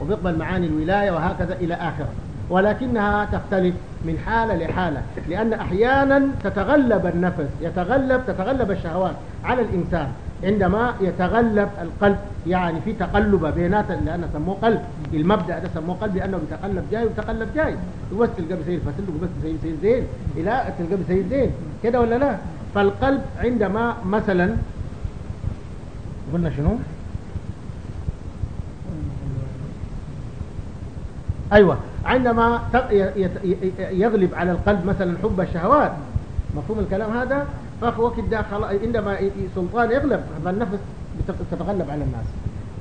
وبيقبل معاني الولاية وهكذا إلى آخره ولكنها تختلف من حالة لحالة لأن أحيانا تتغلب النفس يتغلب تتغلب الشهوات على الإنسان عندما يتغلب القلب يعني في تقلب بينات لأنه سموه قلب المبدأ ده سموه قلب لأنه بيتقلب جاي وبيتقلب جاي بس تلقاه بيسيل فاسد وبس سيد زين زين إلى تلقاه سيد زين كده ولا لا فالقلب عندما مثلا قلنا شنو؟ أيوة عندما يغلب على القلب مثلا حب الشهوات مفهوم الكلام هذا فهو كده عندما سلطان يغلب فالنفس تتغلب على الناس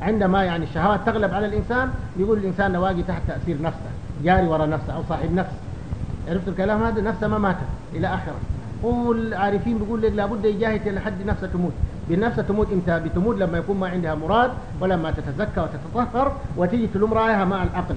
عندما يعني الشهوات تغلب على الإنسان يقول الإنسان نواجي تحت تأثير نفسه جاري وراء نفسه أو صاحب نفس عرفت الكلام هذا نفسه ما ماتت إلى آخره والعارفين بيقول لك لابد يجاهد حد نفسه تموت بالنفس تموت امتى بتموت لما يكون ما عندها مراد ولما تتزكى وتتطهر وتجي تلوم رايها مع العقل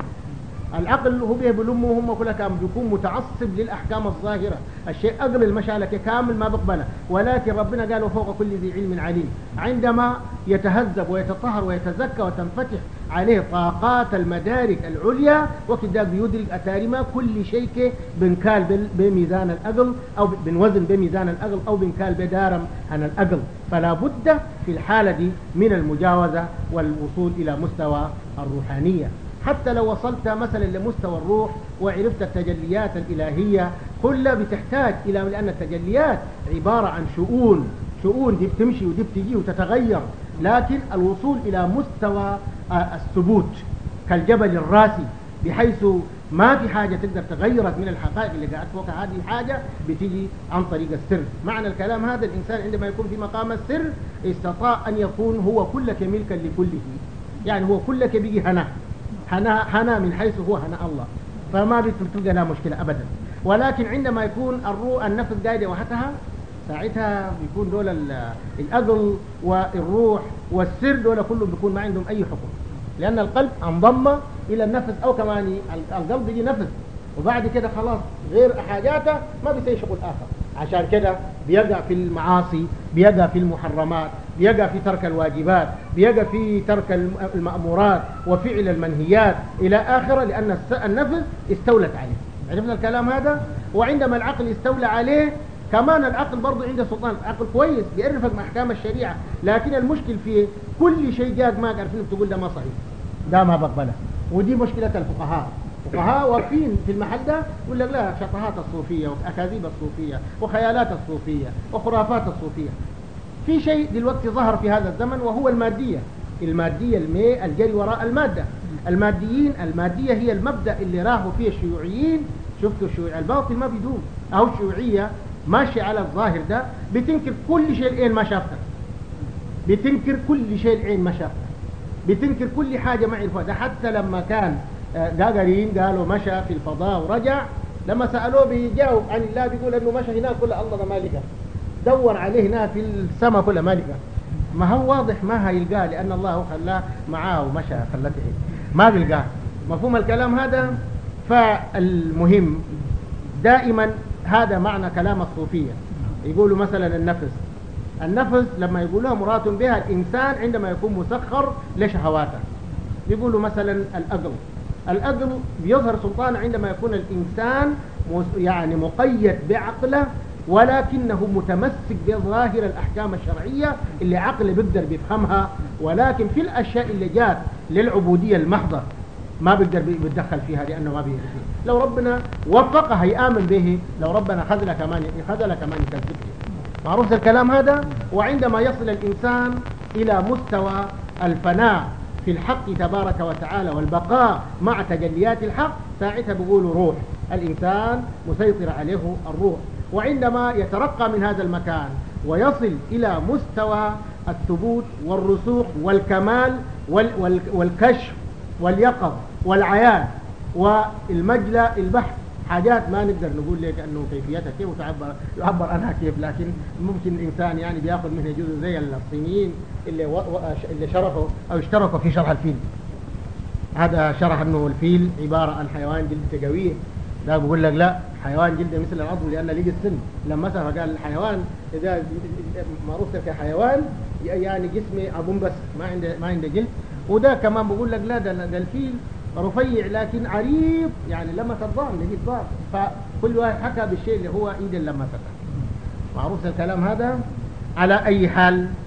العقل هو به بلمه هم كلها كان بيكون متعصب للاحكام الظاهره الشيء اقل المشالكه كامل ما بقبله ولكن ربنا قال وفوق كل ذي علم عليم عندما يتهذب ويتطهر ويتزكى وتنفتح عليه طاقات المدارك العليا وكذا بيدرك أتارما كل شيء بنكال بميزان الأقل أو بنوزن بميزان الأقل أو بنكال بدارم عن الأقل فلا بد في الحالة دي من المجاوزة والوصول إلى مستوى الروحانية حتى لو وصلت مثلا لمستوى الروح وعرفت التجليات الإلهية كلها بتحتاج إلى لأن التجليات عبارة عن شؤون شؤون دي بتمشي ودي بتجي وتتغير لكن الوصول إلى مستوى آه، الثبوت كالجبل الراسي بحيث ما في حاجة تقدر تغيرت من الحقائق اللي قاعد فوقها هذه حاجة بتيجي عن طريق السر معنى الكلام هذا الإنسان عندما يكون في مقام السر استطاع أن يكون هو كلك ملكا لكله يعني هو كلك بيجي هناه هنا هنا من حيث هو هنا الله فما بتلقى لا مشكلة أبدا ولكن عندما يكون الروح النفس قاعدة وحدها ساعتها بيكون دول الأذل والروح والسر دول كلهم بيكون ما عندهم أي حكم لأن القلب انضم إلى النفس أو كمان القلب بيجي نفس وبعد كده خلاص غير حاجاته ما بيسوي شغل آخر عشان كده بيقع في المعاصي بيقع في المحرمات بيقع في ترك الواجبات بيقع في ترك المأمورات وفعل المنهيات إلى آخره لأن النفس استولت عليه عرفنا الكلام هذا وعندما العقل استولى عليه كمان العقل برضه عنده سلطان العقل كويس بيعرفك مع أحكام الشريعة لكن المشكل فيه كل شيء جاك ما عارفين بتقول ده ما صحيح ده ما بقبله ودي مشكلة الفقهاء فقهاء واقفين في المحل ده يقول لك لا شطهات الصوفية وأكاذيب الصوفية وخيالات الصوفية وخرافات الصوفية في شيء دلوقتي ظهر في هذا الزمن وهو المادية المادية المي الجري وراء المادة الماديين المادية هي المبدأ اللي راهوا فيه الشيوعيين شفتوا الشيوعي الباطل ما بيدوم أو الشيوعية ماشي على الظاهر ده بتنكر كل شيء العين ما شافته بتنكر كل شيء العين ما شافته بتنكر كل حاجة ما عرفها ده حتى لما كان جاجرين آه، قالوا مشى في الفضاء ورجع لما سألوه بيجاوب عن الله بيقول انه مشى هناك ولا الله ما لقى دور عليه هنا في السماء كلها ما لقى ما هو واضح ما هيلقاه لأن الله خلاه معاه ومشى خلته ما بيلقاه مفهوم الكلام هذا فالمهم دائما هذا معنى كلام الصوفية يقولوا مثلا النفس النفس لما يقولوها مرات بها الإنسان عندما يكون مسخر لشهواته يقولوا مثلا الأقل الأقل بيظهر سلطانه عندما يكون الإنسان يعني مقيد بعقله ولكنه متمسك بظاهر الأحكام الشرعية اللي عقله بيقدر بيفهمها ولكن في الأشياء اللي جات للعبودية المحضة ما بيقدر بيتدخل فيها لأنه ما بيعرف لو ربنا وفقها يآمن به لو ربنا خذله كمان خذله كمان يكذب معروف الكلام هذا وعندما يصل الإنسان إلى مستوى الفناء في الحق تبارك وتعالى والبقاء مع تجليات الحق ساعتها بيقولوا روح الإنسان مسيطر عليه الروح وعندما يترقى من هذا المكان ويصل إلى مستوى الثبوت والرسوخ والكمال والكشف واليقظ والعيان والمجلى البحث حاجات ما نقدر نقول لك انه كيفيتها كيف وتعبر يعبر عنها كيف لكن ممكن الانسان يعني بياخذ منها جزء زي الصينيين اللي و... اللي شرحوا او اشتركوا في شرح الفيل هذا شرح انه الفيل عباره عن حيوان جلدته قويه ده بيقول لك لا حيوان جلد مثل العظم لان ليه السن لما مثلا قال الحيوان اذا معروف كحيوان يعني جسمي عظم بس ما عنده ما عنده جلد وده كمان بيقول لك لا ده الفيل رفيع لكن عريض يعني لمس الظهر لقيت ظهر فكل واحد حكى بالشيء اللي هو ايد لمسته معروف الكلام هذا على اي حال